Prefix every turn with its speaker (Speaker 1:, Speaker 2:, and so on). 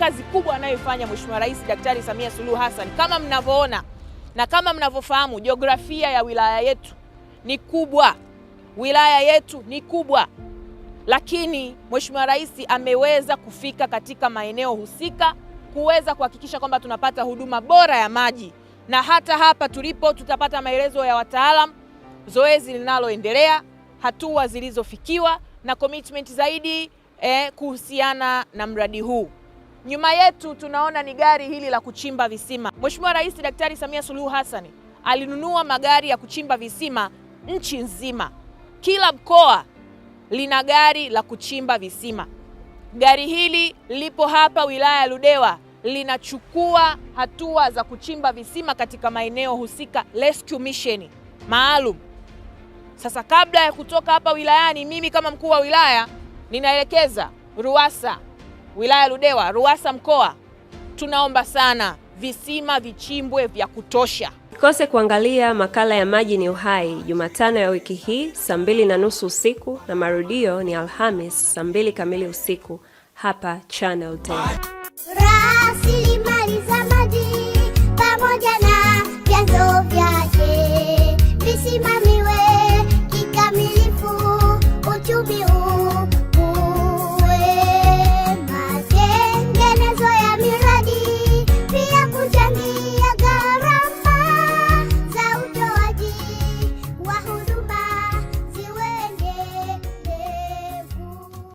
Speaker 1: kazi kubwa anayoifanya Mheshimiwa Rais Daktari Samia Suluhu Hassan. Kama mnavyoona na kama mnavyofahamu, jiografia ya wilaya yetu ni kubwa, wilaya yetu ni kubwa, lakini Mheshimiwa Rais ameweza kufika katika maeneo husika kuweza kuhakikisha kwamba tunapata huduma bora ya maji, na hata hapa tulipo tutapata maelezo ya wataalam, zoezi linaloendelea, hatua zilizofikiwa na commitment zaidi eh, kuhusiana na mradi huu. Nyuma yetu tunaona ni gari hili la kuchimba visima. Mheshimiwa Rais Daktari Samia Suluhu Hassan alinunua magari ya kuchimba visima nchi nzima. Kila mkoa lina gari la kuchimba visima. Gari hili lipo hapa wilaya ya Ludewa, linachukua hatua za kuchimba visima katika maeneo husika, rescue mission maalum. Sasa kabla ya kutoka hapa wilayani, mimi kama mkuu wa wilaya ninaelekeza RUWASA wilaya Ludewa, RUWASA mkoa, tunaomba sana visima vichimbwe vya kutosha.
Speaker 2: Kose kuangalia makala ya Maji ni Uhai Jumatano ya wiki hii saa mbili na nusu usiku na marudio ni Alhamis saa mbili kamili usiku hapa Channel 10.